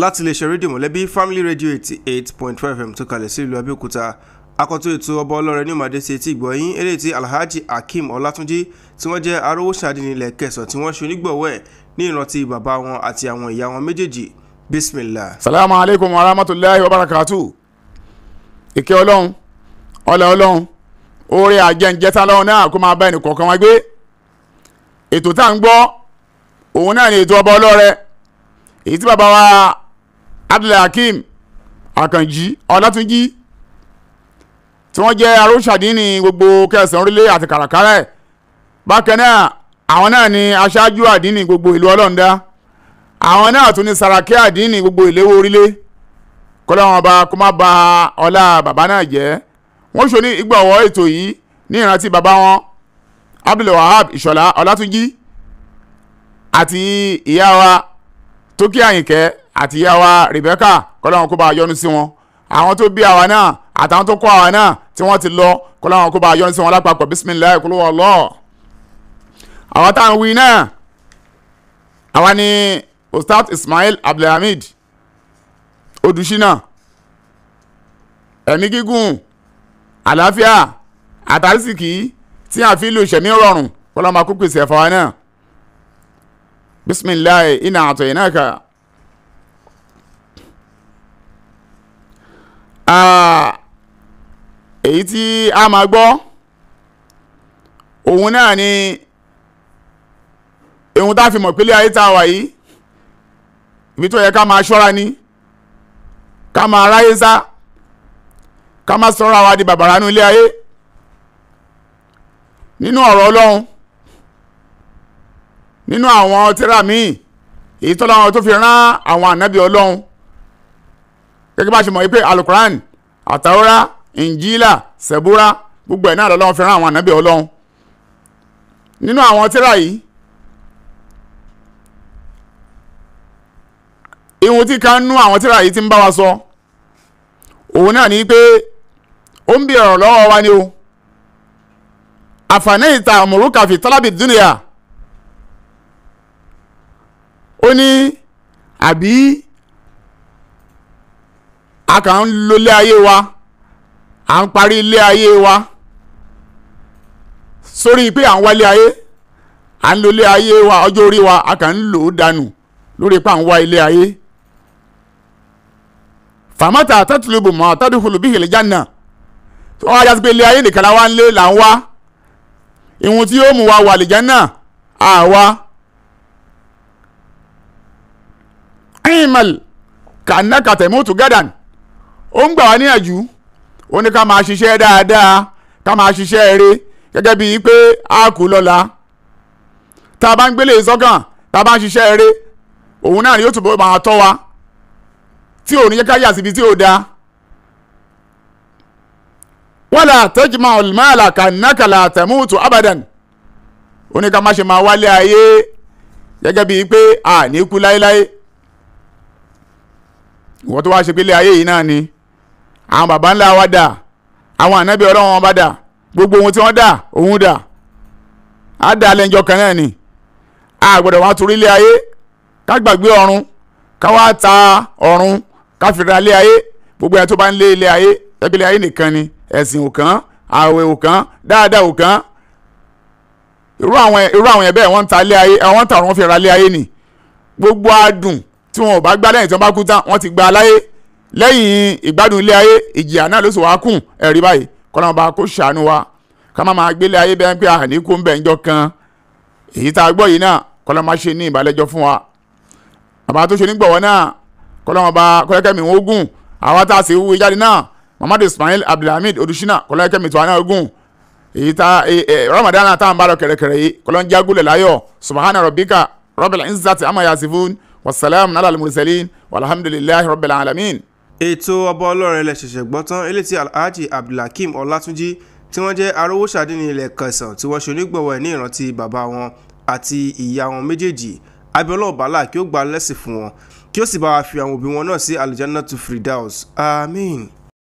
láti iléeṣẹ́ rédíò mọ̀lẹ́bí family radio eighty eight point five m tó kalẹ̀ sí ìlú abẹ́òkúta akọ́tún ètò ọba ọlọ́rẹ̀ ní ìmọ̀dé sí etí ìgbọ̀nyín eléyìí tí alhaji akeem ọlátúnjí tí wọ́n jẹ́ arówó sàdínilẹ̀ kẹsàn tí wọ́n ṣe onígbọ̀wọ́ ẹ̀ ní ìrántí bàbá wọn àti àwọn ìyá wọn méjèèjì bismillah. salamu alaykum wa rahmatulahi wa barakatu ìkẹ́ ọlọ́run ọlẹ́ ọlọ́run oore àjẹǹjẹta lọ́run náà kó máa bá ẹnì kọ̀ọ̀kan wá gbé ètò tá à ń gbọ́ òun náà ni ètò ọba ọlọ́rẹ̀ èyí tí bàbá wa abdulhakeem akànjí ọlátúnjí tí wọ́n jẹ́ aróṣàdínní gbogbo kẹsàn-án orílẹ̀ àti kàràkàrà ẹ̀ bákan náà àwọn náà ni aṣáájú àdínní gbogbo ìlú ọlọ́ọ̀dá àwọn náà tún ni sàràkí àdínní gbogbo ìléwó orílẹ̀ kọ́láwọn ọba kó má ba ọlá bàbá náà jẹ́ wọ́n ṣo ní ìgbọ̀wọ́ ètò yìí ní ìrántí bàbá wọn abdulwahab ìṣọ̀lá ọlátúnjí àti ìyá wa tókí àyìnkẹ́ àti ìyá wa Rebecca kọ́láwọn kó bá yọ́nú sí wọn àwọn tó bí àwa náà àtàwọn tó kọ́ àwa náà tí wọ́n ti lọ kọ́láwọn kó bá yọ́nú sí wọn lápapọ̀ bisimilayi kúlú wọ lọ. àwọn táwọn wí náà àwa ni ustaz Ismail Abdulhamid Odushina ẹ̀mí gígùn àlàáfíà àtàrísìkì tí a fi lu ìṣẹ̀mí rọrùn kọ́láwọn máa kó pèsè ẹ̀fọ́ wa náà bisimilayi iná àtọ̀yìn náà kà. Ah, èyí tí a máa gbọ́ òun náà ni ohun tá a fi mọ̀ pélé ayé tá a wà yìí ibi tó yẹ ká máa ṣọ́ra ni ká máa ráyé sá ká máa sọ́ra wa di bàbàrà nínú ilé ayé nínú ọ̀rọ̀ ọlọ́run nínú àwọn tírà míì èyí tó láwọn tó fi rán àwọn ànábì ọlọ́run gẹ́gẹ́ bá ṣe mọ̀ pé alukuran àtàwọ́rá ìnjílà sẹ̀búrà gbogbo ẹ̀ náà lọ́lọ́run fi rán àwọn ànábì ọlọ́run nínú àwọn tírà yìí ìhun tí kan nú àwọn tírà yìí ti ń bá wa sọ òun náà ni pé ó ń bí ọ̀rọ̀ lọ́wọ́ wa ni o àfààní ìta àmọ̀rúkà fi tálábì dúnìyà ó ní àbí a kàn ń lo ilé ayé wa à ń parí ilé ayé wa sórí pé à ń wá ayé à ń lo ilé ayé wa ọjọ́ orí wa a kàn ń lò ó dànù lórí pé à ń wá ilé ayé fàmátà tẹ́tùlùbù mọ́ tẹ́tùlùbù bí ìhìlẹ̀ jáná tí wọ́n wá jásí pé ilé ayé nìkan la wá là ń wá ìhun tí yóò mú wa wà lè jẹ́ náà àwa. ìmọ̀lì kànáà kàtẹ́mú tùgádàn ó ń gbà wá níyànjú ó ní ká máa ṣiṣẹ́ dáadáa ká máa ṣiṣẹ́ eré gẹ́gẹ́ bíi pé a kù lọ́la tá a bá ń gbélé sọ́kàn tá a bá ń ṣiṣẹ́ eré òun náà ni yóò túbọ̀ máa tọ́ wa tí ò yẹ ká yà síbi tí ò da wala tajma al-mala kannaka la tamutu abadan ó ní ká má ṣe máa wálé ayé gẹ́gẹ́ bíi pé a ní kú láéláé ìwọ́n tó wá ṣe pé ayé yìí náà ni àwọn baba ńlá wa dà àwọn ànábì ọlọ́run wọn bá dà gbogbo ohun tí wọ́n dà òun dà á dà lẹ́njọ kan náà ni a gbọ́dọ̀ wá torí ilé ayé ká gbàgbé ọ̀run ká wá ta ọ̀run ká fìdá ilé ayé gbogbo ẹ̀ tó bá ń lé ilé ayé ẹbí ilé ayé nìkan ni ẹ̀sìn òkan àwẹ̀ òkan dáadáa òkan irú àwọn irú àwọn ẹ̀bẹ̀ wọ́n ń ta ilé ayé wọ́n ń ta ọ̀run fìdá ilé ayé ni gbogbo adùn tí wọn ò bá gbá lẹ́yìn tí wọ́n bá kú tán wọ́n ti gba aláyé lẹ́yìn ìgbádùn ilé ayé ìjìyà náà ló sì wá kùn ẹ̀rí báyìí kọ́nàmọba kó ṣàánú wa ká má máa gbélé ayé bẹ́ẹ̀ pé àní kó ń bẹ̀ ń jọ kan èyí tá a gbọ́ yìí náà kọ́nàmọba ṣe ní ìbàlẹ́jọ́ fún wa àbá tó ṣe nígbọ̀wọ́ náà kọ́nàmọba kọ́lẹ́kẹ́mi ogun àwa tá a sì wú jáde náà Muhammad Ismail Abdulhamid Odùṣínà kọ́lẹ́kẹ́mi tó wà náà ogun èyí tá e, e, Ramadan tá à ń bá lọ kẹ̀rẹ̀kẹ̀rẹ̀ yìí kọ́lọ́n jágúlẹ̀ láyọ̀ subahana rabbika rabbil izzati amma wasalaam ala al-mursalin rabbil alamin ètò ọba ọlọ́rẹ̀ lẹ ṣẹ̀ṣẹ̀ gbọ́ tán eléyìí alhaji abdulhakeem ọlátúnjì tí wọ́n jẹ́ arówóṣàdé ní ilẹ̀ kẹsàn tí wọ́n ṣe onígbọ̀wọ́ ẹ̀ ní ìrántí bàbá wọn àti ìyá wọn méjèèjì abiola obala kí ó gba lẹ́sìn fún wọn kí ó sì bá wa fi àwọn òbí wọn náà sí aljanna tu firdaus àmín.